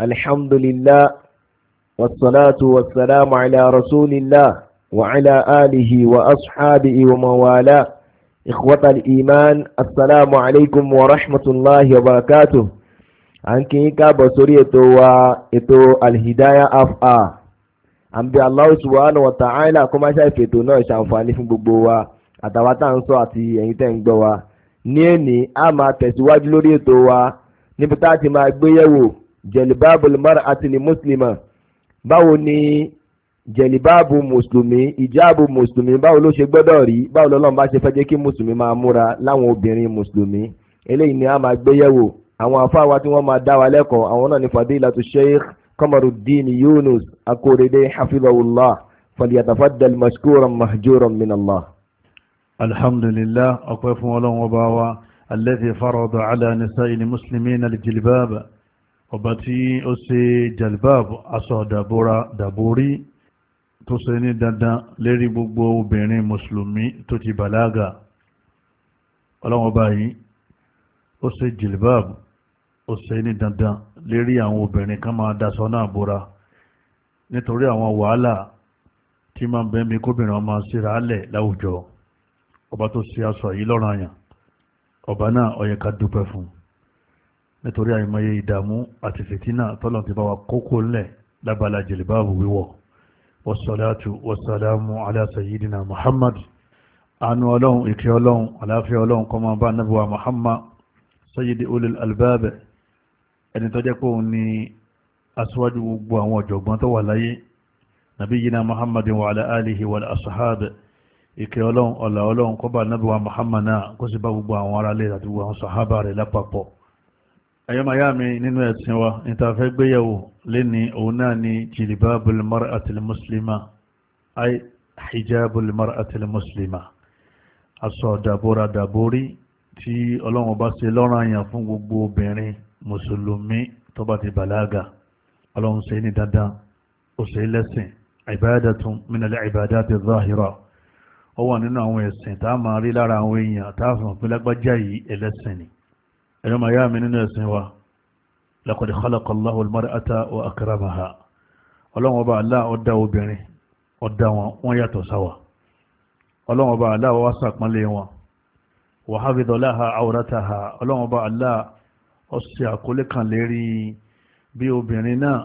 الحمد لله والصلاة والسلام على رسول الله وعلى آله وأصحابه ومن إخوة الإيمان السلام عليكم ورحمة الله وبركاته أنكي كاب سورية وإتو الهداية أفعى أم بي الله سبحانه وتعالى كما شايف إتو نوع شانفاني في بقبوا أتواتا أنصو أتي أنتين بقبوا ní èní a máa tẹ̀síwájú lórí ètò wa níbi tá a jẹ̀lìbáàbù mar'ati li mùsùlùmá báwo ni jẹ̀lìbáàbù mùsùlùmí ìjáàbù mùsùlùmí báwo ló ṣe gbọ́dọ̀ rí báwo lọ́lọ́run bá ṣe fẹ́ jẹ́ kí mùsùlùmí máa múra láwọn obìnrin mùsùlùmí eléyìí ni a máa gbéyẹ̀wò àwọn àfáà wa tí wọ́n máa dá wa lẹ́kọ̀ọ́ àwọn náà ni fadilatu sheikh kamaruddin yunus akorede hafizahullah falyatafaddal mashkuran mahjuran min allah. alhamdulillah fún ọlọ́run ọba wa alladhi farada ala nisa'il muslimina al-jilbaba ọba tí ó ṣe jalibab aṣọ dàbora dàborí tó ṣe ní dandan lérí gbogbo obìnrin mùsùlùmí tó ti bàlágà ọlọ́wọ́n báyìí ó ṣe jalibab ó ṣe ní dandan lérí àwọn obìnrin kan máa daṣọ náà bora nítorí àwọn wàhálà tí máa bẹ́ mi kóbìnrin ọmọ síra álẹ̀ láwùjọ ọba tó ṣe aṣọ yìí lọ́ranyàn ọba náà ó ká dúpẹ́ fún un nítorí àìmọye ìdààmú àti fìtínà tọ́lọ̀ ti bá wa kókó ńlẹ̀ lábala jìlìbáàbù wíwọ̀ wasalaatu wasalaamu ala sayyidina muhammad anu ọlọ́run ìkẹ́ ọlọ́run àláfíà ọlọ́run kọ́mọ bá nàbíwá muhammad sayyidi ulil albaabe ẹni tọ́jẹ́ pé òun ni aṣíwájú gbogbo àwọn ọ̀jọ̀gbọ́n tó wà láyé nabiyina muhammadin wa ala alihi wa asahabe ìkẹ́ ọlọ́run ọ̀là ọlọ́run kọ́ba nàbíwá muhammad náà kó sì bá gbogbo àwọn aráalé àti gbogbo àwọn ẹ̀yọ́ miami nínú ẹ̀sìn wa ìtafẹ́ gbéyàwó lẹ́ni òun náà ni jìlìbábùl mar'atil muslima ay hijabul mar'atil muslima aṣọ dàbóra dàbórí tí ọlọ́run bá ṣe lọ́rùn àyàn fún gbogbo obìnrin mùsùlùmí tó bá ti bàlágà ọlọ́run ṣe ní dandan ó ṣe lẹ́sìn ibadatun minal ibadati zahira ó wà nínú àwọn ẹ̀sìn tá a máa rí lára àwọn èèyàn tá a fún lágbájá yìí ẹlẹ́sìn ni ẹ̀yọ́ màá yá mi nínú ẹ̀sìn wa laqad khalaqa Allahu al-mar'ata wa akramaha ọlọ́run ọba Allah ó dá obìnrin ó dá wọn wọ́n yàtọ̀ sáwà ọlọ́run ọba Allah wá sàpọ́nlé wọn wa hafidha laha awrataha ọlọ́run ọba Allah ó ṣe àkólé kan lérí bí obìnrin náà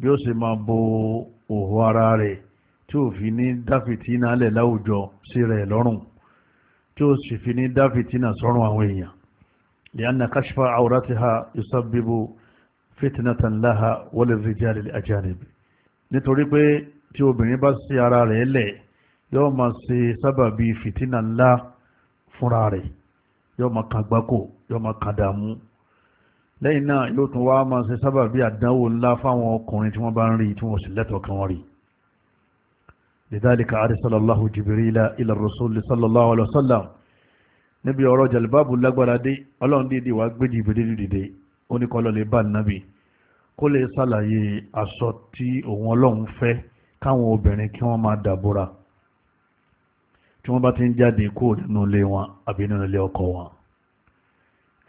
bí ó ṣe máa bo òhò ara rẹ̀ tí ò fi ní dáfìtì náà lẹ̀ láwùjọ sí rẹ̀ lọ́rùn tí ó sì fi ní dáfìtì náà sọ́rùn àwọn èèyàn لأن كشف عوراتها يسبب فتنة لها وللرجال الأجانب nítorí pé tí obìnrin bá sí ara rẹ̀ lẹ̀ yóò máa ṣe sábàbí fìtínà ńlá fúnra rẹ̀ yóò máa kan gbáko yóò máa kan dààmú lẹ́yìn náà yóò tún wá máa ṣe sábàbí àdánwò ńlá fáwọn ọkùnrin tí wọ́n bá ń rí tí wọ́n sì lẹ́tọ̀ọ́ kan wọ́n rí lidhalika arsalallahu jibrila ila rasuli sallallahu alaihi wasallam níbi ọ̀rọ̀ jẹ̀lìbáàbù lágbára dé ọlọ́run dídì wá gbé jìbìdì dìde ó ní kọ́lọ́ lè bá nàbì kó lè ṣàlàyé aṣọ tí òun ọlọ́run fẹ́ káwọn obìnrin kí wọ́n máa dàbúra tí wọ́n bá ti ń jáde kó nínú ilé wọn àbí nínú ilé ọkọ wọn.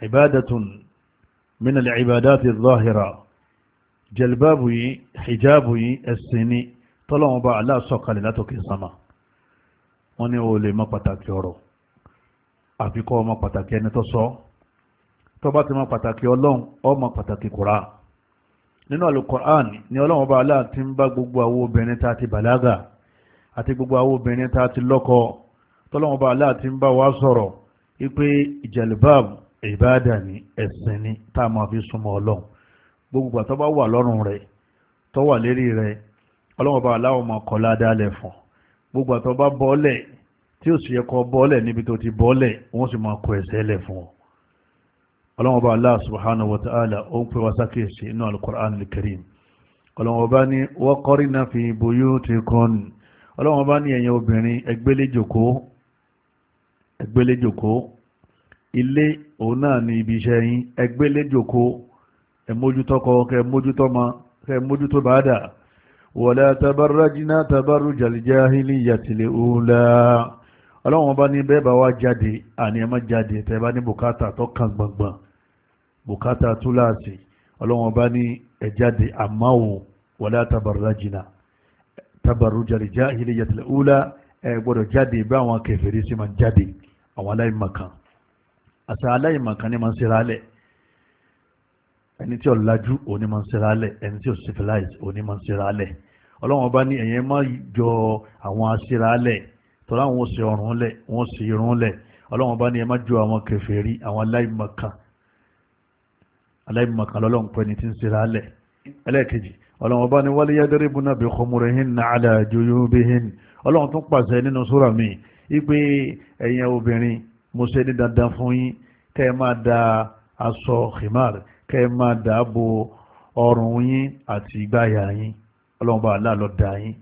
ibadatun min al-ibadati adh-dhahira yìí hijabu yìí ẹ̀sìn ni tọ́lọ́wọ́n bá aláṣọ látòkè sama wọ́n ní o lè má pàtàkì ọ̀rọ̀ àfi kọ́ ọmọ pàtàkì ẹni tó sọ tó bá ti mọ pàtàkì ọlọ́run ọmọ pàtàkì Quran nínú alukoran ni ọlọ́run ọba aláà ti ń bá gbogbo àwọn obìnrin tá a ti bàlágà àti gbogbo àwọn obìnrin tá a ti lọ́kọ tọ́lọ́run ọba aláà ti ń bá wa sọ̀rọ̀ wípé ìjẹ̀lúbàb ìbáàdà ni ẹ̀sìn ni tá a máa fi súnmọ́ ọlọ́run gbogbo àtọ́ bá wà lọ́rùn rẹ̀ tó wà lérí rẹ̀ ọlọ́run ọba aláà máa kọ́ lẹ̀ fún gbogbo àtọ́ bá bọ́ọ̀lẹ̀ tí ó sì yẹ kọ bọ́ọ̀lẹ̀ níbi tó ti bọ́ọ̀lẹ̀ wọ́n sì máa kọ ẹ̀sẹ̀ lẹ̀ fún ọ ọlọ́run ọba Allah subhanahu wa ta'ala ó ń pè wá sákèsí inú al-Qur'an al-Karim ọlọ́run ọba ní wa qarna fi buyutikunna ọlọ́run ọba ní ẹ̀yin obìnrin ẹgbẹ́lẹ́jòkó ẹgbẹ́lẹ́jòkó ilé òun náà ni ibi iṣẹ́ yín ẹgbẹ́lẹ́jòkó ẹmójútọ́kọ kẹ mójútọ́mọ kẹ mójútó bàádà wala tabarrajna tabarrujal jahiliyyati ula ọlọ́run bá ní bẹ́ẹ̀ bá wá jáde àní ẹ má jáde tẹ́ bá ní bùkátà tó kàn gbọ̀ngbọ̀n bùkátà túláàsì ọlọ́run bá ní ẹ jáde àmọ́ ò wọlé àtàbàrúdájìnà tàbàrúdàlìjà ìlẹ̀yàtìlẹ̀ òwúlà ẹ gbọ́dọ̀ jáde bá àwọn kèfèrí sí máa jáde àwọn aláìmọ̀kan àti aláìmọ̀kan ní máa ń ṣera alẹ̀ ẹni tí ó lajú òní máa ń ṣera alẹ̀ ẹni tí ó civilize òní máa ń ṣera alẹ̀ ọlọ́run bá ní ẹ̀yẹn má jọ àwọn aṣera alẹ̀ tọ́lá wọn sì ọ̀run lẹ̀ wọn sì irun lẹ̀ ọlọ́wọ́n bá ní ẹ má ju àwọn kèfèrí àwọn aláìmọ̀kan aláìmọ̀kan lọ́lọ́run pẹ́ ni ti ń sera lẹ̀ ẹlẹ́ẹ̀kejì ọlọ́wọ́n bá ní wálé yadribuna bi khumurihinna ala juyubihin ọlọ́wọ́n tún pàṣẹ nínú sura mi ipe ẹ̀yin obìnrin mo ṣe ní dandan fún yín kẹ́ ẹ máa da aṣọ khimar kẹ́ ẹ máa da bo ọrùn yín àti ìgbáyà yín ọlọ́wọ́n bá aláàlọ́ da yín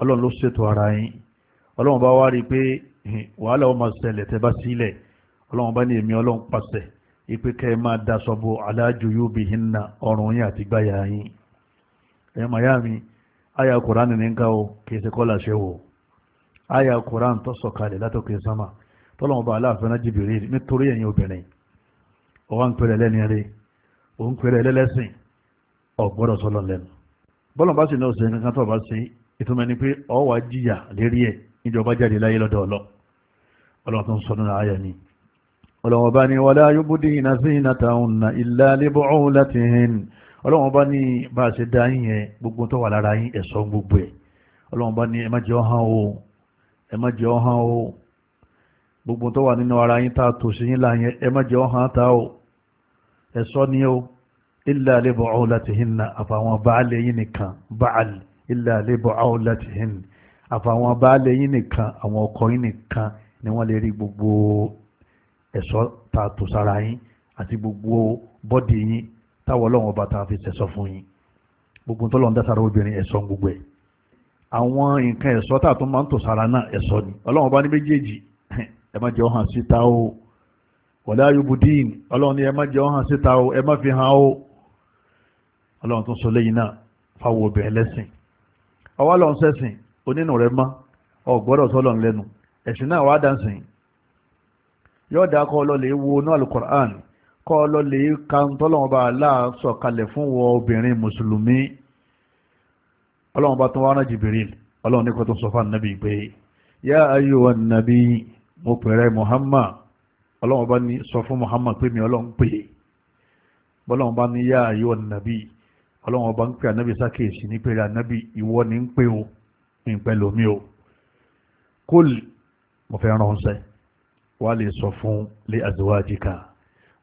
ọlọ́run ló ṣètò ara yín ọlọ́run bá wá rí pé wàhálà ó máa ṣẹlẹ̀ tẹ́ bá sílẹ̀ ọlọ́run bá ní èmi ọlọ́run pàṣẹ ipe kẹ́ ẹ máa daṣọ bo aláàjò yóò bí i na ọrùn yín àti gbáyà yín ẹ̀yẹ́ koran ní nǹkan o kì í ṣe kọ́lá ṣe wò koran tó látọ̀kẹ́ bá aláàfin náà nítorí ẹ̀yin obìnrin pẹ̀lẹ̀ lẹ́ni òun pẹ̀lẹ̀ lẹ́lẹ́sìn ọ̀gbọ́dọ̀ sọ́lọ́ lẹ́nu bọ́lọ̀ bá sì náà ṣe tó bá ṣe ni pé jìyà lérí níjọba jáde láyé lọ́dọ̀ ọlọ́ ọlọ́run tó ń sọ nínú ayọ̀ ni ọlọ́run bá ní wala yubdina zinatahunna illa li bu'ulatihin ọlọ́run bá ní bá a ṣe dá yín yẹn gbogbo tó wà lára yín ẹ̀ṣọ́ gbogbo ẹ̀ ọlọ́run bá ní ẹ má jẹ́ ọ̀hán o ẹ ọ̀hán o gbogbo tó wà nínú ara yín tá a tò sí yín láyẹn ẹ má ọ̀hán ta o ẹ̀ṣọ́ ni o illa li bu'ulatihinna àfàwọn báàlẹ̀ yín nìkan báàlẹ̀ illa li bu'ulatihinna àfàwọn baálé yín nìkan àwọn ọkọ yín nìkan ni wọ́n lè rí gbogbo ẹ̀ṣọ́ ta tò sára yín àti gbogbo bọ́dì yín táwọn ọlọ́run ọba ta fi ṣẹ̀ṣọ́ fún yín gbogbo tó lọ́n dására obìnrin ẹ̀ṣọ́ gbogbo ẹ̀ àwọn nǹkan ẹ̀ṣọ́ tá a tún máa ń tò sára náà ẹ̀ṣọ́ ni ọlọ́run ọba ní méjèèjì ẹ má jẹ́ ó hàn síta o wọlé ayubudin ọlọ́run ní ẹ má jẹ́ ó hàn síta o ẹ má fi hàn o ọlọ́run tún sọ lẹ́yìn náà fáwọn obìnrin lẹ́sìn ọwọ́ lọ́n onínú rẹ mọ́ ọ̀gbọ́dọ̀ sọ́lọ̀ lẹ́nu ẹ̀sìn náà wàá dánsìn yóò dá kọ́ lọ lè wo inú alukur'an lọ lè ka tọ́lọ́wọ́n bá aláàsọ kalẹ̀ fún wọn obìnrin mùsùlùmí ọlọ́wọ́n bá tún wá rán Jibril ọlọ́wọ́n ní sọ fún anabi pé yá nabi mo pèrè Muhammad ọlọ́wọ́n bá ní sọ fún Muhammad pé ìpẹ́lú mi o kó mo fẹ́ ránṣẹ́ wà lè sọ fún lé azwajika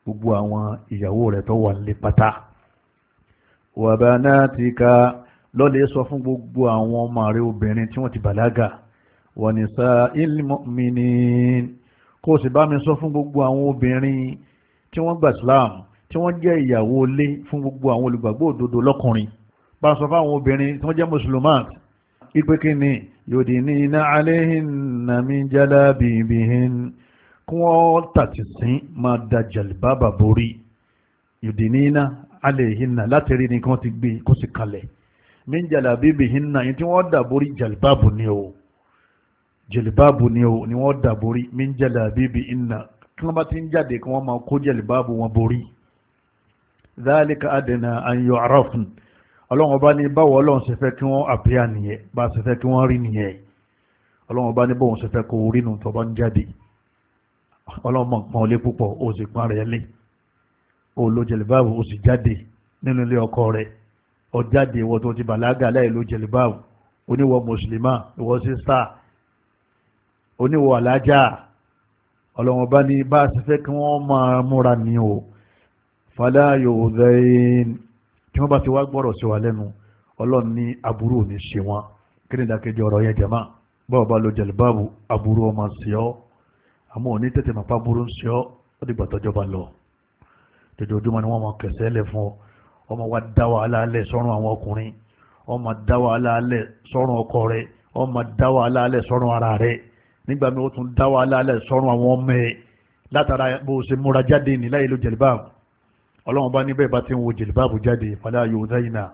gbogbo àwọn ìyàwó rẹ̀ tó wà nílé pátá wa banatika lọ́lẹ̀ sọ fún gbogbo àwọn ọmọ rẹ̀ obìnrin tí wọ́n ti bàlágà wa nisa'il mu'minin kó sì bá mi sọ fún gbogbo àwọn obìnrin tí wọ́n gbà Islam tí wọ́n jẹ́ ìyàwó ilé fún gbogbo àwọn olùgbàgbọ́ òdodo lọ́kùnrin bá sọ fún àwọn obìnrin tí wọ́n jẹ́ mùsùlùmáàtì ipé kí ni yudinina alayhinna min jalabibihin kí wọ́n tàti sín máa da jàlìbábà borí yudinina alayhinna láti rí nìkan ti gbé kó sì kalẹ̀ min jalabibihinna yìí tí wọ́n dà borí jàlìbábù ni o jẹ̀lìbáàbù ni o ni wọ́n da borí mi ń jẹ̀lẹ̀ àbíbi iná kí wọ́n bá ti ń jáde kí wọ́n máa kó jẹ̀lìbáàbù wọn borí. arọ àdènà ọlọ́run ọba ní báwo ọlọ́run ṣe fẹ́ kí wọ́n àpíyà nìyẹn bá ṣe fẹ́ kí wọ́n rí nìyẹn ọlọ́run ọba ní bóun ṣe fẹ́ kó orí nù tọ́ba ń jáde ọlọ́run mọ̀ pọ́n lé púpọ̀ ó sì pọ́n rẹ̀ lé ó lo jẹ̀lẹ̀báàbù ó sì jáde nínú ilé ọkọ rẹ̀ ó jáde ìwọ tó ti bàlágà láì lo jẹ̀lẹ̀báàbù oníwọ mùsùlùmá ìwọ sísá oníwọ alájà ọlọ́run ọba ní tí wọ́n bá ti wá gbọ́rọ̀ sí wa lẹ́nu ọlọ́run ní aburú ò ní ṣe wọn kírìndàkejì ọ̀rọ̀ yẹn jẹ̀má báwo bá lo jẹ̀lúbáàbù aburú ọmọ sí ọ́ àmọ́ òní tètè màpá burú ń sí ọ́ ó dìgbà tọ́jọba lọ jọjọjúmọ́ ni wọ́n mọ kẹsẹ́ lẹ̀ fún ọ ọmọ wa dá wàhálà alẹ́ sọ́run àwọn ọkùnrin ọmọ dá wàhálà alẹ́ sọ́run ọkọ rẹ ọmọ dá wàhálà alẹ́ sọ́run ara rẹ nígbà mi ó tún dá wàhálà alẹ́ sọ́run àwọn ọmọ ẹ látara bó o ṣe múra jáde níláyé lo jẹ̀lúbáàbù ọlọ́run bá níbẹ̀ bá ti ń wo jìlìbáàbù jáde ìpàdé ayò náà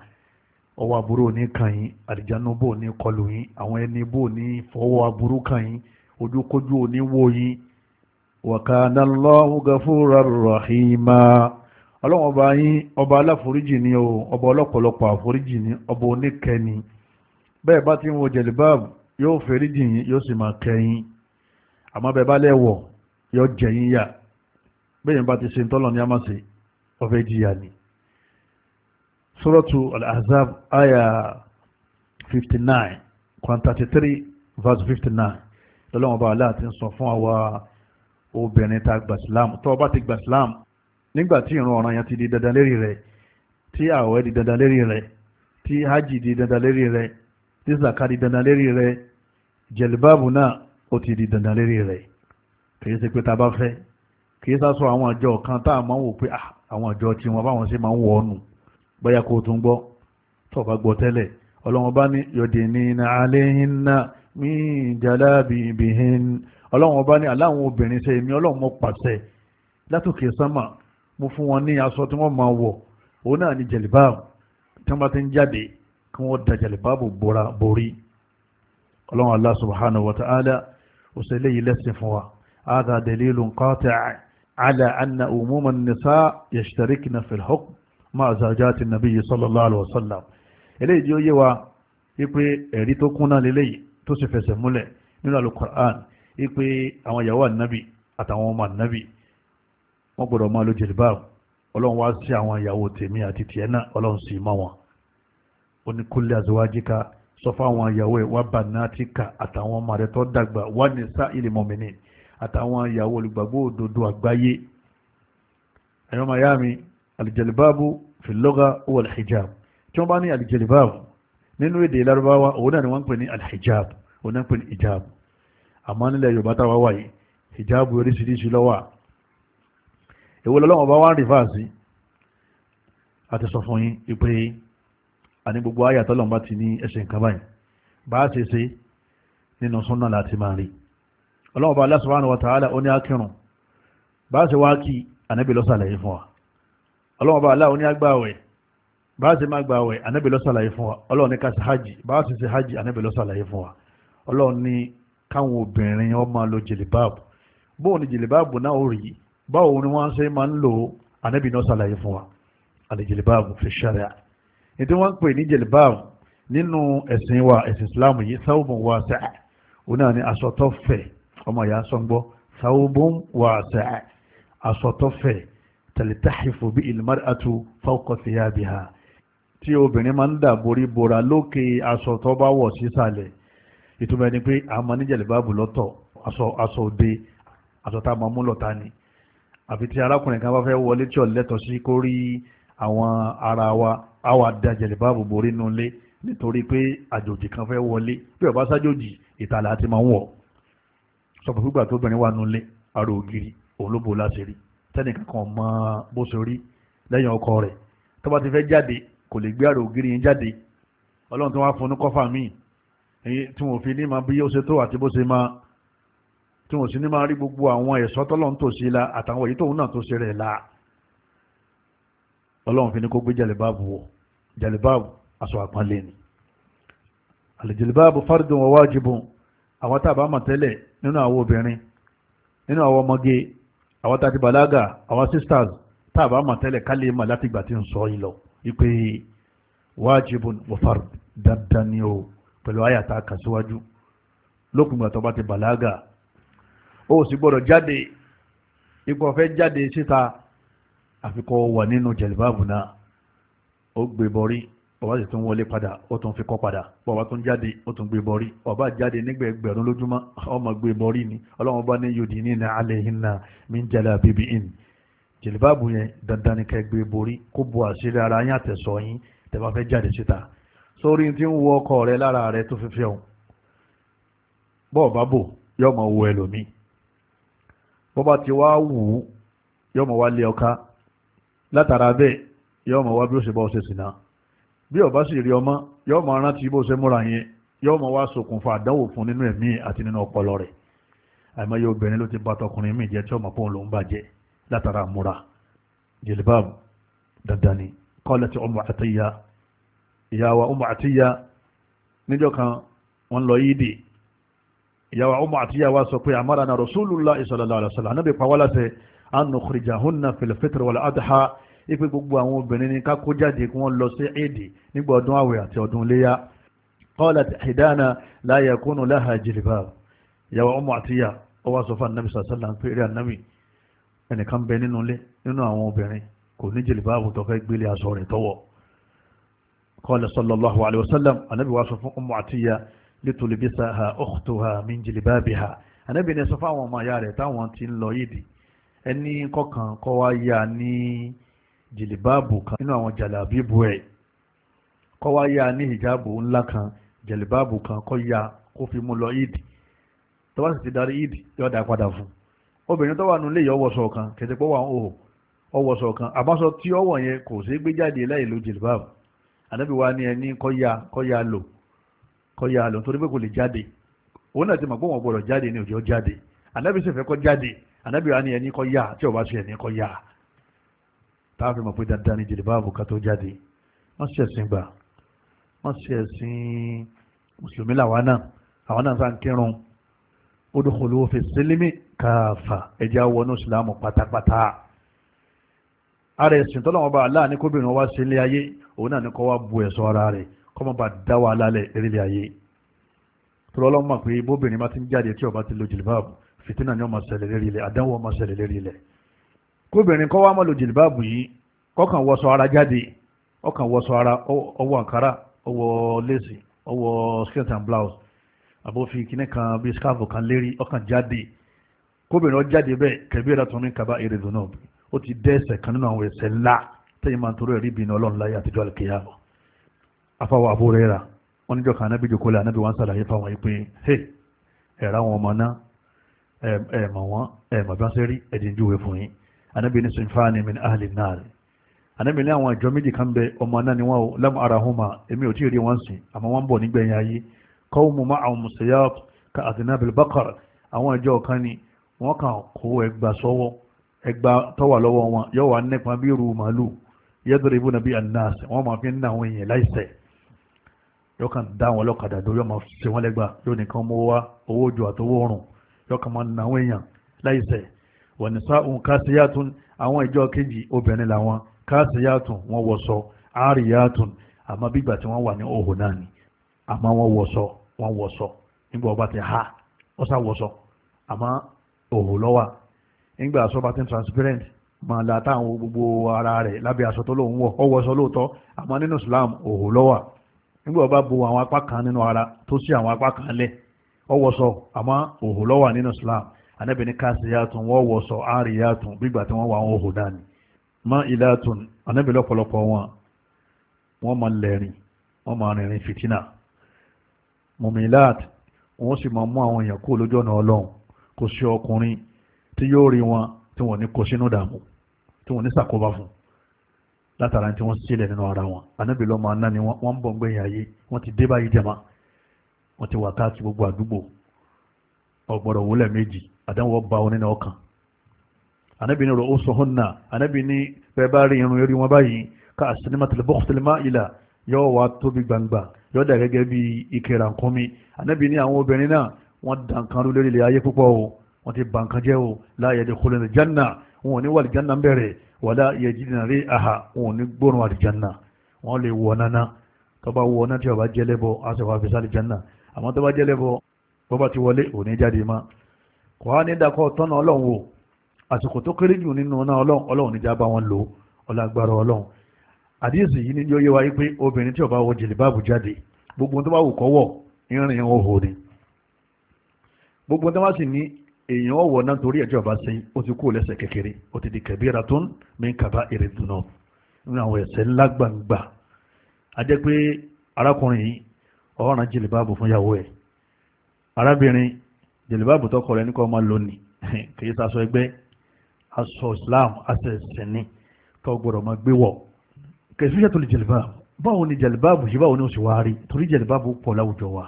ọwọ́ aburú ò ní kàn yín bò ní kọlù yín àwọn ẹni bò ní fọwọ́ aburú kàn yín ojúkójú ò ní yín wa rahima ọlọ́run ọba ọba aláforíjì ni o ọba ọlọ́pọ̀lọpọ̀ àforíjì ni ọba bẹ́ẹ̀ bá ti ń wo jìlìbáàbù yóò yín yóò sì máa àmọ́ bẹ́ẹ̀ bá lẹ́wọ̀ yóò bẹ́ẹ̀ ọ̀fẹ́ jìyà ni suratu al-ahzab aya 59 Quran 33 verse 59 lọ́lọ́wọ́n bá aláàtí ń sọ fún àwa obìnrin ta gbà sílámù tó bá ti gbà sílámù nígbà tí ìrun ọ̀ranyàn ti di dandan lérí rẹ̀ tí ààwẹ̀ di dandan lérí rẹ̀ tí hajj di dandan lérí rẹ̀ tí zaka di dandan lérí rẹ̀ jẹ̀lìbáàbù náà ó ti di dandan lérí rẹ̀ kì í ṣe pé ta bá fẹ́ kì í sá sọ àwọn àjọ kan tá a máa ń wò pé ah àwọn àjọ tí wọn báwọn ṣe máa ń wọ̀ọ́nù bóyá kó tún gbọ́ tó bá gbọ́ tẹ́lẹ̀ ọlọ́wọ́n bá ní yudnina alayhinna min jalabibihin ọlọ́wọ́n bá ní aláwọn obìnrin ṣe èmi ọlọ́wọ́n mọ pàṣẹ látòkè sánmà mo fún wọn ní aṣọ tí wọ́n máa wọ̀ òun náà ní jẹ̀lìbáàbù tí wọ́n bá ti ń jáde kí wọ́n da jẹ̀lìbáàbù bora borí ọlọ́wọ́n Allah subhanahu wa ta'ala ó ṣe lẹ́sìn fún wa hadha dalilun qati' على أن أموم النساء يشتركن في الحكم مع زوجات النبي صلى الله عليه وسلم eléyìí tí ó yé wa wípé ẹ̀rí tó kún náà lélẹ́yìí tó sì fẹsẹ̀ múlẹ̀ nínú alukur'an wípé àwọn ìyàwó ànábì àtàwọn ọmọ ànábì wọ́n gbọ́dọ̀ máa lo jìlìbáàbù ọlọ́run wá sí àwọn ìyàwó tèmi àti tìẹ́ náà ọlọ́run sì mọ́ wọn ó ní kulli azwajika sọ fáwọn ìyàwó ẹ̀ wá banatika àtàwọn ọmọ rẹ̀ tó dàgbà wá ní sá ilé mọ̀mìnì àtàwọn ìyàwó olùgbàgbọ́ òdodo àgbáyé ẹ̀yọ́ miami alìjẹ̀lìbáàbù fìlọ́gà owó alìhijab tí wọ́n bá ní alìjẹ̀lìbáàbù nínú èdè lárúbáwá òun náà ni wọ́n ń pè ní alìhijab òun náà ń pè ní hijab àmọ́ nílẹ̀ yorùbá táwa wáyé hijab oríṣiríṣi lọ́wọ́ èwo lọ́wọ́ bá wá ń rìfáàsì àti sọ fún yín ìpè àní gbogbo ayàtọ́lọ́mbá ti ní ẹsẹ̀ nǹkan báyìí bá a ṣe ṣe nínú súnà láti máa rí ọlọ́ọ̀bá Allah subhanahu wa ta'ala ó ní akírun bá ṣe wá kí ànábì ló ṣàlàyé fún wa ọlọ́ọ̀bá Allah ó ní agbáwẹ̀ bá ṣe má gbàwẹ̀ ànábì ló ṣàlàyé fún wa ọlọ́ọ̀ ní ká ṣe hajj bá ṣe ṣe hajj ànábì ló ṣàlàyé fún wa ọlọ́ọ̀ ní káwọn obìnrin wọn máa lo jìlìbáàbù bóun ni jìlìbáàbù náà rí báwo ni wọ́n ṣe máa ń lo ànábì ló fún wa àlejìlìbáàbù fi ṣàrẹ̀ ètò wọn pè ní jìlìbáàbù nínú ẹ̀sìn wa ẹ̀sìn Islam yìí sáwùmù wa sẹ́ẹ̀ ni aṣọ ọmọ ìyá sọ́ngbọ́ sàwọ́bùn wà sẹ́ àsọtọ́fẹ̀ tẹ̀lẹ́tàhìfò bí ìlmar àtú fọ́kọ̀tì yá bí ha tí obìnrin máa ń dà borí bora lókè aṣọ tó bá wọ̀ sísàlẹ̀ ìtumọ̀ ẹni pé àmọ́ níjẹ̀lẹ̀ báàbù lọ́tọ̀ aṣọ òde aṣọ tá a máa mú lọ́ta ni àfi tí arákùnrin kan bá fẹ́ wọlé tí ò lẹ́tọ̀ọ́ sí kó rí àwọn ara wa á wà báàbù borí nulẹ̀ nítorí pé àjòjì kan fẹ́ wọlé bí ó bá ṣàjòjì ìtàlá máa ń wọ̀ sọ̀bù fúgbà tó bẹ̀rẹ̀ wà nulẹ̀ aró ògiri òun ló bo láṣìírí tẹ́nìkan kan mọ bó ṣe rí lẹ́yìn ọkọ rẹ̀ tó bá ti fẹ́ jáde kò lè gbé aró ògiri yẹn jáde ọlọ́run tó wá fún un kọ́fà míì tí wọ́n fi ní ma bí ó ṣe tó àti bó ṣe máa tí wọ́n sì ní máa rí gbogbo àwọn ẹ̀ṣọ́ tọ́lọ́run tó ṣe la àtàwọn èyí tóun náà tó ṣe rẹ̀ la ọlọ́run fi ní kó gbé jẹ̀lẹ̀báàbù wọ̀ jẹ̀lẹ̀báàbù aṣọ àpọ́nlé nínú àwọn obìnrin nínú àwọn ọmọge àwọn tàbí balaga àwọn sisters tàbá mọ̀ tẹ́lẹ̀ kálẹ̀ mọ̀ láti ìgbà tí ń sọ yìí lọ wípé wájibun wafar dandan ni o pẹ̀lú àyàtà kàṣíwájú lópin ìgbà bá ti balaga ó sì gbọ́dọ̀ jáde ipò fẹ́ jáde síta àfikọ́ wà nínú jẹ̀lìbáàbù náà ó gbé bọ́rí bàbá sì tún wọlé padà ó tún fi kọ́ padà bàbá tún jáde ó tún gbé bọ́rí bàbá jáde nígbà ẹgbẹ̀rún lójúmọ́ ọmọ gbé bọ́rí ni ọlọ́run bá ní yòdì ní ní alẹ́ yìí náà min jala bíbí in jìlìbáàbù yẹn dandan ni ká gbé borí kó bu àṣírí ara yín àtẹ̀sọ yín tẹ́ bá fẹ́ jáde síta sórí tí ń wọ ọkọ rẹ lára rẹ tó fi fẹ́hùn bọ́ọ̀ bá bò yóò mọ̀ wo ẹlòmíì bọ́ bá ti wá wù ú yóò mọ̀ wá lé ọ bí ọba sì rí ọmọ yóò máa rántí bó ṣe múra yẹn yóò máa wá ṣokùnfà àdánwò fún nínú ẹ̀mí àti nínú ọpọlọ rẹ̀ àìmọye obìnrin ló ti bá tọkùnrin míì jẹ́ tí ọmọ pọ́n ló ń bàjẹ́ látara múra jìlìbáàbù dandan ni kọ́lẹ̀ tí ọmọ àtìyá ìyàwó ọmọ àtìyá níjọ́ kan wọ́n lọ yídì ìyàwó ọmọ àtìyá wa sọ pé àmàrà náà rasulullah sallallahu alaihi wasallam anábì pawọ́lá sẹ́ an nukhrijahunna ipe gbogbo àwọn obìnrin ní kákó jáde kí wọ́n lọ sí èdè nígbà ọdún àwẹ̀ àti ọdún léyà qalat ihdana la yakunu laha jilbab ìyàwó ọmọ àtìyà ọwọ́ sọ fún anabi sàṣàlà ń pè rí anabi ẹnìkan bẹ nínú ilé nínú àwọn obìnrin kò ní jilbabu tó fẹ́ gbélé aṣọ rẹ̀ tọwọ́ qala sallallahu alayhi wa sallam anabi wa sọ fún ọmọ àtìyà litulbisaha ẹni kọ̀ọ̀kan kọ́ wá yá ní jìlìbáàbù kan nínú àwọn jàlábíbù ẹ̀ kọ́ wá yá ní ìjáàbù ńlá kan jìlìbáàbù kan kọ́ yá kó fi mú lọ ìdì tó bá sì ti darí ìdì yóò dá padà fún obìnrin tó wà nù lè yọ wọ̀sọ̀ kan kẹsì pé wà ń hò ọwọ́sọ̀ kan àbáṣọ tí ọwọ́ yẹn kò sí gbé jáde láì lo jìlìbáàbù ànábì wa ni ẹni kọ́ yá kọ́ yá lò kọ́ yá lò nítorí pé kò lè jáde òun náà ti mọ̀ pé wọ́n gbọ́dọ̀ jáde ní òjò jáde ànábì sì fẹ́ kọ́ jáde ànábì wa ni ẹni kọ́ yá tí ó bá ṣe ẹni kọ́ yá táàfin mọ̀ pé dandan ní jìlìbáàbù ká tó jáde wọ́n sì ẹ̀sìn gbà wọ́n sì ẹ̀sìn mùsùlùmí làwọn náà àwọn náà sàn kírun udkhulu fi sílímì káfà ẹ̀jẹ̀ wọnú ìsìlámù pátápátá ara ẹ̀sìn tọ́lọ́wọ́n bá aláàní kóbìnrin wá sí ilé ayé òun náà ní kọ́ wá bu ẹ̀sọ́ ara rẹ̀ kọ́ mọ́ bá dá wa lálẹ́ erílẹ̀ ayé tọ́lọ́wọ́n mọ̀ pé bóbìnrin bá ti ń jáde tí ó ti lo jìlìbáàbù fìtínà ni ó máa lérí ilẹ̀ àdánwò ó máa lérí ilẹ̀ kóbìnrin kọ́ wá mọ́ lo jìlìbáàbù yìí kọ́kàn wọṣọ ara jáde ọkàn wọṣọ ara ọwọ́ àǹkárá ọwọ́ lẹ́sì ọwọ́ skirt and blouse àbófin kìíní kan bíi scarf kan lérí ọkàn jáde kóbìnrin ọ jáde bẹ́ẹ̀ kẹ̀bí ẹ̀rọ tó ní kaba èrè dùn náà ó ti dẹ́ ẹ̀ṣẹ̀ kan nínú àwọn ẹ̀ṣẹ̀ ńlá tẹ́yìn máa ń toró ẹ̀rí ìbínú ọlọ́run láyé àtijọ́ àlùkìyà afáwọ̀ àbúrò rẹ̀ rà wọ́n níjọ́ kan anábì jòkó lẹ̀ anábì wọn sàlàyé fáwọn yìí pé ẹ̀rọ àwọn ọmọ náà ẹ̀ẹ̀mọ̀ wọn ẹ̀ẹ̀mọ̀ bí wọ́n ṣe rí ẹ̀dínjúwe fún yín anábì ní sinfani min ahli nari anábì ní àwọn àjọ méjì kan bẹ ọmọ náà ni wọn ò lam arahuma èmi ò tí ì rí wọn sìn àmọ́ wọn bọ̀ nígbẹ̀yìn ayé qawmu ma'ahum musayab ka adnabil baqar àwọn àjọ kan ni wọ́n kàn kó ẹgbà sọ́wọ́ ẹgbà tọ́wà lọ́wọ́ wọn yóò wà nípa bí irú màálù yadribu nabi annas wọ́n máa fi ń ná àwọn èèyàn láìsẹ̀ yóò kàn dá àwọn ọlọ́kadà dó yóò máa ṣe wọ́n lẹ́gbà yóò nìkan mọ́ wá owó òjò àtọwọ́ ọ̀rùn yóò kàn máa ná àwọn èèyàn láìsẹ̀ wọ́n ní sáhùn káṣíyàtún àwọn ìjọ kejì obìnrin làwọn káṣíyàtún wọ́n wọṣọ àríyàtún àmọ́ bí ìgbà tí wọ́n wà ní òhò náà ni àmọ́ wọ́n wọṣọ wọ́n wọṣọ nígbà ọba ti ha ọ̀sà wọṣọ àmọ́ òhò lọ́wà nígbà aṣọ bá ti transparent máa la táwọn gbogbo ara rẹ̀ lábẹ́ aṣọ tó lóun wọ̀ ọwọ́sọ lóòótọ́ àmọ́ nínú Islam òhò lọ́wà nígbà ọba bo àwọn apá kan nínú ara tó sí àwọn apá kan lẹ̀ ọwọ́sọ àmọ́ òhò lọ́wà nínú Islam anábì ní káṣíyàtún wọ́n wọ̀ṣọ àríyàtún gbígbà tí wọ́n wà wọn hù dání má ìlàtún anábì lọ́pọ̀lọpọ̀ wọn wọ́n máa lẹ́rìn wọ́n máa rìnrìn fìtínà mùmílàt wọ́n sì máa mú àwọn èèyàn kú lójú ọ̀nà ọlọ́run kò sí ọkùnrin tí yóò rí wọn tí wọ́n ní kó sínú dààmú tí wọ́n ní sàkóbá fún látara tí wọ́n sílẹ̀ nínú ara wọn anábì lọ́ máa ná ni ń bọ̀ ń gbẹ̀yìn ayé wọ́n ti dé báyìí jẹ́ma wọ́n ti wà káàkiri gbogbo àdúgbò ọ̀gbọ̀dọ̀ wúlẹ̀ méjì àdánwò bá wọn nínú ọkàn anabi ni rọ̀ oṣù hona anabi ni bẹ́ẹ̀ bá rí irun orí wọn báyìí ká àṣìlímà tẹlifọ́ọ̀tẹlẹmà ìlà yóò wá tóbi gbangba yóò dà gẹ́gẹ́ bí ìkẹrà nkọ́mi anabi ni àwọn obìnrin náà wọ́n dànkan lórí ilẹ̀ ayé púpọ̀ o wọ́n ti bànkan jẹ́ o láàyè di kolo ní janna wọn ò ní wà lìjanna bẹ̀rẹ̀ wàlá yẹ jìnnà rí aha wọn ò ní gbóòrùn àlìjanna wọn lè wọ̀ nana tó bá wọ̀ nana tí wọ́n bá jẹ́ lẹ́bọ̀ á sọ wà fi sálìjanna àmọ́ bó bá ti wọlé òní jáde má kò á ní dakọ̀ tọ́nà ọlọ́run wò àsìkò tó kéré jù nínú náà ọlọ́run ọlọ́run níjà bá wọn lò ọlágbára ọlọ́run àdíyèsí yìí ni yóò yé wa yí pé obìnrin tí ó bá wọ jìlìbáàbù jáde gbogbo tó bá wù kọ́wọ̀ ìrìn òhò ni gbogbo tó bá sì ní èèyàn ọ̀wọ̀ náà torí ẹ̀jọ́ bá sẹ́yìn ó ti kú lẹ́sẹ̀ kékeré ó ti di kẹ̀bíra tó ń mi kàbá èrè dùnà nínú àwọn ẹ̀ṣẹ̀ ńlá gbangba a jẹ́ pé arákùnrin yìí ọ̀ràn jìlìbáàbù fún yàwó ẹ̀ arábìnrin jẹ̀lẹ̀báàbù tọkọ rẹ̀ nípa ọmọ lónìí kìí sasọ ẹgbẹ́ aṣọ islam aṣẹ̀ṣẹ̀ni tó gbọ́dọ̀ máa gbé wọ̀ kẹsíṣẹ́ tó lè jẹ̀lẹ̀báàbù báwo ni jẹ̀lẹ̀báàbù ṣe báwo ni ó sì wá rí torí jẹ̀lẹ̀báàbù pọ̀ láwùjọ wa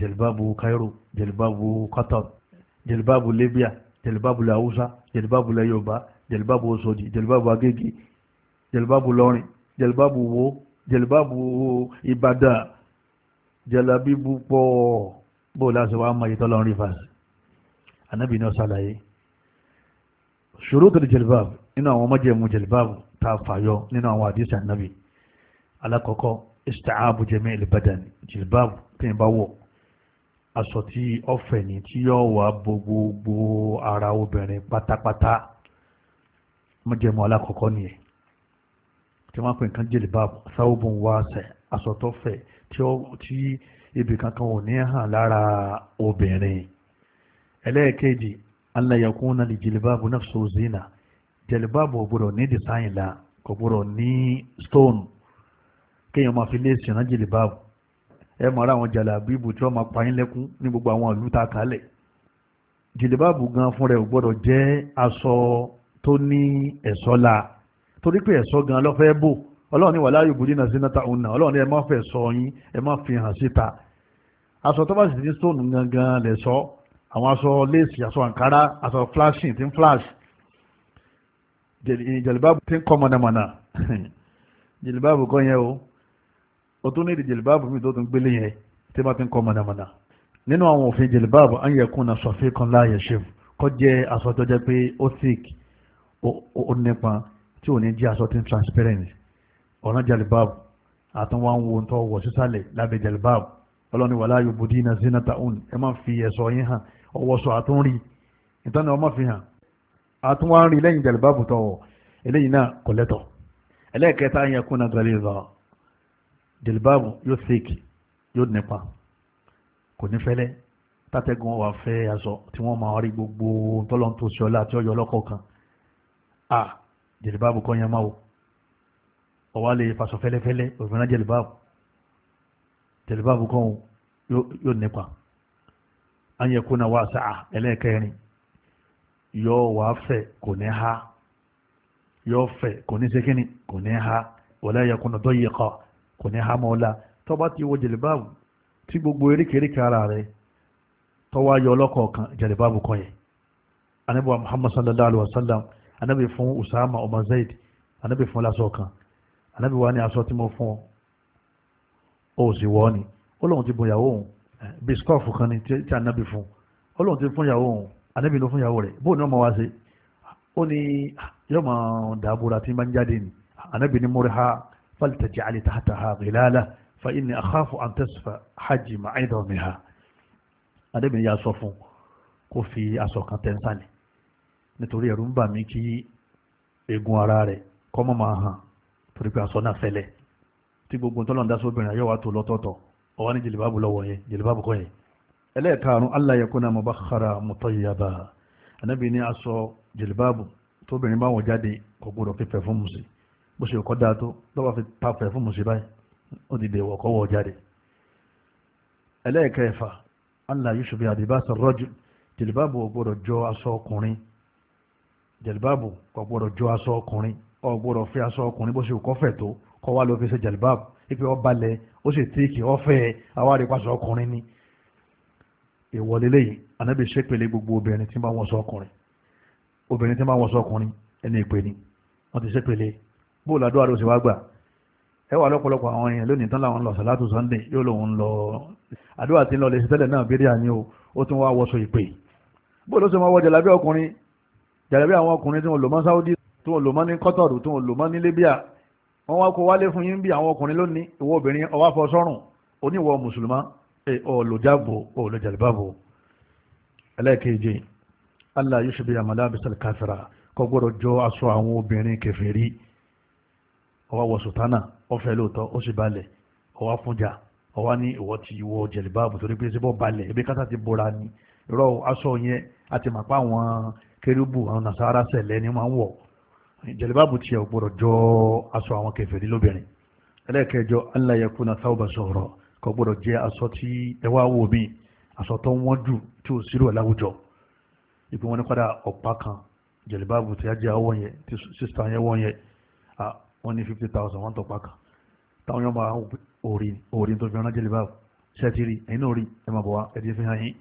jẹ̀lẹ̀báàbù Cairo jẹ̀lẹ̀báàbù Qatar jẹ̀lẹ̀báàbù Libya jẹ̀lẹ̀báàbù Hausa jẹ̀lẹ̀báàbù Yorùbá jẹ̀lẹ̀báàbù Òṣòdì jẹ̀lẹ̀báàbù Agége jẹ̀lẹ̀báàbù Ìlọrin jẹ̀lẹ̀báàbù Wo jẹ̀lẹ̀báàbù Ìbàdàn jẹ̀lẹ̀bíbù pọ̀ bó láti wá mọ̀ ìtọ́lọ́ rivers anábì náà ṣàlàyé ṣurutul jilbab nínú àwọn májẹ̀mú jilbab tá a fàyọ nínú àwọn àdìsí anábì alákọ̀ọ́kọ́ istaabu jami' al-badan jilbab tí n bá wọ̀ aṣọ tí ọ̀fẹ́ ni tí yóò wá gbogbo ara obìnrin pátápátá májẹ̀mú alákọ̀ọ́kọ́ nìyẹn tí wọ́n pè nǹkan jilbab thawbun wasi aṣọ tó fẹ̀ tí ibi kankan ò ní hàn lára obìnrin ẹlẹ́ẹ̀kejì alayakun na lè jìlìbáàbù náà so zina jìlìbáàbù ò ní design la kò gbọ́dọ̀ ní stone kéèyàn máa fi lé sìnà jìlìbáàbù ẹ mọ̀ ara àwọn jàlábíbù tí wọ́n máa pa yín lẹ́kún ní gbogbo àwọn ìlú ta kalẹ̀ jìlìbáàbù gan fún rẹ̀ ò gbọ́dọ̀ jẹ́ aṣọ tó ní ẹ̀ṣọ́ la torí pé ẹ̀ṣọ́ gan lọ́fẹ́ bò ọlọ́run ní wàhálà yòbùdí náà sí ta òun náà ọlọ́run ní ẹ má fẹ́ sọ yín ẹ má fi hàn síta aṣọ tó bá sì ní stone gangan lè sọ àwọn aṣọ lace aṣọ ankara aṣọ flashing ti ń flash jẹ̀lìbáàbù ti ń kọ́ mọ̀nàmọ̀nà jẹ̀lìbáàbù kọ́ yẹn o o tún nídìí jẹ̀lìbáàbù mi tó tún gbélé yẹn tí wọ́n ti ń kọ́ mọ̀nàmọ̀nà nínú àwọn òfin jẹ̀lìbáàbù á ń yẹ kún náà sọ̀fẹ́ kan láàyè ṣe kọ́ jẹ́ aṣọ tó jẹ́ pé ó thick ó nípa tí ò ní jẹ́ aṣọ tí ń transparent ọ̀nà jẹ̀lìbáàbù àtúnwá ń wo tó wọ̀ sísàlẹ̀ lábẹ́ jẹ̀lìbáàbù ọlọ́ni wàlá yubudina zinatahun ẹ máa fi ẹ̀sọ́ yín hàn ọwọ́ sọ àtúnrí ìtàn náà ọmọ fi hàn àtúnwárí lẹ́yìn jàlùbáàbù tọ̀ eléyìí náà kò lẹ́tọ̀ ẹlẹ́ẹ̀kẹta yẹn kún náà gàlẹ́ ìzọ jàlùbáàbù yóò fèkì yóò nípa kò ní fẹ́lẹ́ tátẹ́gùn wà fẹ́ aṣọ tí wọ́n máa rí gbogbo tọ́lọ́n tó ṣọlá àti ọyọ ọlọ́kọ̀ kan à jàlùbáàbù kọ́ yẹn máa wò ọ̀wá tẹ̀lifáàbù kan yóò nípa anyẹ̀kúnna wá sáà ẹlẹ́ẹ̀kẹrin yóò wá fẹ̀ kò ní ha yóò fẹ̀ kò ní sekínì kò ní ha wala yakuna dayiqa kò ní ha mọ́ọ́lá tọ́ba ti wo jẹ̀lifáàbù tí gbogbo eríkèéríkèé ara rẹ̀ tọ́wá yọ ọlọ́kọ̀ọ̀kan jẹ̀lifáàbù kan yẹn anabiwa muhammad sallallahu alaihi wasallam anabi fún usama ọmọ zaid anabi fún lásọ̀kan anabi wa ni aṣọ tí mo fún ọ o sì wọ́ ni ó lóun ti bùn ìyàwó òun bisikọ́ọ̀fù kan ni tí ànábì fún ó lóun ti fún ìyàwó òun ànábì ló fún ìyàwó rẹ̀ bóun ni wọ́n máa wá ṣe ó ní ah, yóò máa dàbúra tí máa ń jáde ni ànábì ni múri ha falitẹ̀jì àlè ha rìlálà fa inni akhafu an tasfa hajj ma'aidah minha ànábì ni yà sọ fún kó fi aṣọ kan tẹ́ ń sálẹ̀ nítorí ẹ̀rù ń bà mí kí egun ara rẹ̀ kọ́ mọ́ máa hàn torí pé aṣọ náà fẹ́lẹ̀ tí gbogbo tọ́lọ̀ ń dá sóbìnrin ayọ́ wa tó lọ́tọ̀ọ̀tọ̀ ọwọ́ ní jìlìbáàbù lọ́wọ́ yẹn jìlìbáàbù kọ́ yẹn ẹlẹ́ẹ̀karùn Allah yakuna mubakhara mutayyaba anábì ní aṣọ jìlìbáàbù tóbìnrin bá wọn jáde kò gbọdọ̀ fi perfume sí bó ṣe kọ́ dáa tó lọ́wọ́ fi pa perfume sí báyìí ó ti dèwọ̀ kọ́ wọ̀ jáde ẹlẹ́ẹ̀kẹfà Allah yushbi libasa rajul jìlìbáàbù ò gbọdọ̀ kọ́ wá ló fi ṣe jalbab ipe ọ balẹ̀ ó sì tíìkì ọ̀fẹ́ àwárí pàṣẹ ọkùnrin ni ìwọlé lẹ́yìn anábì ṣépele gbogbo obìnrin tí ń bá wọn sọ ọkùnrin obìnrin tí ń bá wọn sọ ọkùnrin ẹni ìpè ni wọ́n ti ṣépele bóòlù àdúrà ló ṣe wá gbà ẹ wà lọ́pọ̀lọpọ̀ àwọn èèyàn lónìí tán láwọn lọ sàlátù sunday yóò lòun lọ àdúrà tí ń lọ lè ṣe tẹ́lẹ̀ náà bírí àní o ó tún wá wọṣọ ìpè bóòlù ó ṣe máa wọ jàlábí ọkùnrin jàlábí àwọn ọkùnrin tí wọn lò mọ́ sáúdí tí wọn lò mọ́ ní kọ́tọ̀rù tí wọn lò mọ́ ní libya wọ́n wá kó wálé fún yín bí àwọn ọkùnrin lónìí ìwọ obìnrin ọwá fọ sọ́rùn oníwọ̀ mùsùlùmá ọlọ́jàbò ọlọ́jàlbàbò ẹlẹ́ẹ̀kejì allah yóò ṣe bí amala bisal kafira kò gbọ́dọ̀ jọ aṣọ àwọn obìnrin kèfèrí ọwá wọ sùtánà ọfẹ́ lóòótọ́ ó sì balẹ̀ ọwá fúnjà ọwá ní ìwọ ti wọ jẹ̀lbàbò torí pé síbọ̀ balẹ̀ ebi kátà ti bora ni irọ́ aṣọ yẹn àti màpá àwọn kérúbù àwọn nasara sẹ̀lẹ̀ ni wọ́n wọ̀ jẹ̀lẹ́bàbù tiẹ̀ ò gbọ́dọ̀ jọ aṣọ àwọn kèfèrí lóbìnrin ẹlẹ́ẹ̀kẹjọ alla yakuna thawban sughra kò gbọ́dọ̀ jẹ́ aṣọ tí ẹwà wò mí aṣọ tó wọ́n jù tí ò sírò láwùjọ ìpín wọn ní padà ọ̀pá kan jẹ̀lẹ́bàbù tí a jẹ́ ọwọ́ yẹn tí sísá yẹn wọ́n yẹn wọ́n ní fifty thousand wọ́n tọ̀pá kan táwọn yọ̀ọ́ máa òrì òrì tó fi rán jẹ̀lẹ́bàbù ṣẹ́tìrì ẹ̀yin náà rí ẹ̀ máa bọ̀ wá ẹ̀ ti fi hàn yín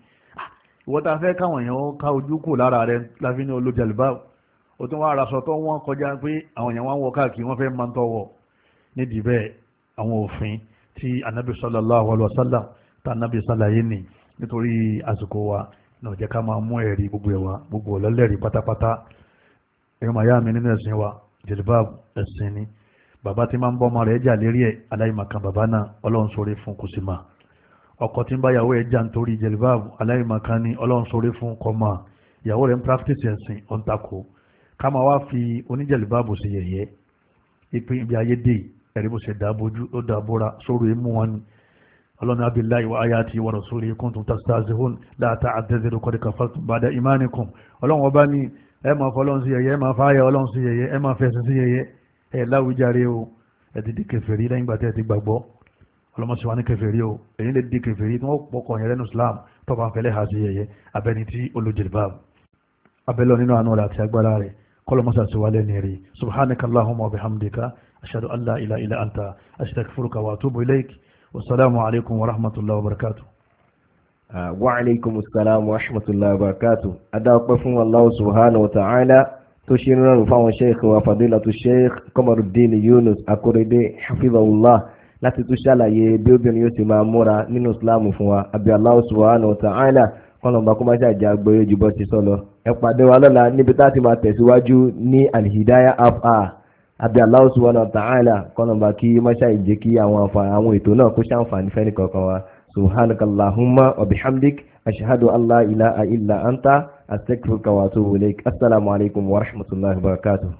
ìwọ́ta káwọn èèyàn ká ojú kò lára rẹ láfi ní olójàlùbáwò ó tún wá araṣọ tó wọ́n kọjá pé àwọn èèyàn wá ń wọ káàkiri wọ́n fẹ́ máa ń tọwọ́ nídìí bẹ́ẹ̀ àwọn òfin tí anabi sallallahu alaihi wasallam tá anabi sàlàyé nì nítorí àsìkò wa náà jẹ́ ká máa mú ẹ̀rí gbogbo ẹ̀ wa gbogbo ọ̀lọ́lẹ́rí pátápátá ẹ̀rọ màyá mi nínú ẹ̀sìn wa jilbab ẹ̀sìn ni bàbá tí máa ń bọ́ ọmọ rẹ̀ jà lérí ẹ̀ aláìmọ̀kan bàbá náà ọlọ́run sórí fún kò sí ma ọkọ tí ń bá yàwó ẹ̀ jà nítorí jilbab aláìmọ̀kan ni ọlọ́run sórí fún kọ́ ma yàwó rẹ̀ ń practice ẹ̀sìn ọ̀ǹtakò ká máa wá fi oníjẹ̀lìbáàbò ṣe yẹ̀yẹ́ ìpín ibi ayé dé ẹ̀rí bó ṣe dàbójú ó dàbóra sórí imú wọn ni ọlọ́run abillahi wa ayati wa rasulihi kuntum tastazihun la ta'tadiru qad kafartum ba'da imanikum ọlọ́run ọba ní ẹ máa fọ ọlọ́run sí yẹ̀yẹ́ ẹ máa fáyà ọlọ́run sí yẹ̀yẹ́ ẹ máa fẹ̀sìn sí yẹ̀yẹ́ ẹ láwùjáre o ẹ ti di kèfèrí lẹ́yìn gbàtẹ́ ti gbàgbọ́ ọlọ́mọsí wa ní kèfèrí o èyí lè di kèfèrí tí wọ́n pọkàn yẹn lẹ́nu Islam tọ́ba fẹ́lẹ́ ha sí yẹ̀yẹ́ abẹni tí olùjẹ̀lbáàbù abẹ́lọ́ nínú àánú rẹ̀ àti agbára rẹ̀ kọlọmọsà sí wálé ní rí subhanaka allahumma wa bihamdika ashhadu an la ilaha illa anta astaghfiruka wa atubu ilaik wasalaamu alaykum wa rahmatullahi wa barakatuh. Ah, wa alaykum salaam wa rahmatullahi wa barakatuh adáwọ̀pẹ́ fún allah subhanahu wa ta'ala tó ṣe rán fáwọn sheikh wa fadilatu sheikh kọmọrùdín yunus akorede hafizahullah láti tún ṣàlàyé bí obìnrin yóò ti máa múra nínú islam fún wa àbí allah subhanahu wa ta'ala kọlọmọba kó má ṣàjà gbé jùbọ́ ti sọ ẹ pàdé wa lọ́la níbi tá a ti máa tẹ̀síwájú ní alihidaya afa àbí Allah subhanahu wa ta'ala kọ́nàmbà kí mọ́ṣá ìjẹ́ kí àwọn àwọn ètò náà kó ṣàǹfààní fẹ́ni kankan wa subhanakallahumma wa bihamdik ashhadu an ilaha illa anta astaghfiruka wa atubu ilaik assalamu alaikum wa rahmatullahi wa barakatuh.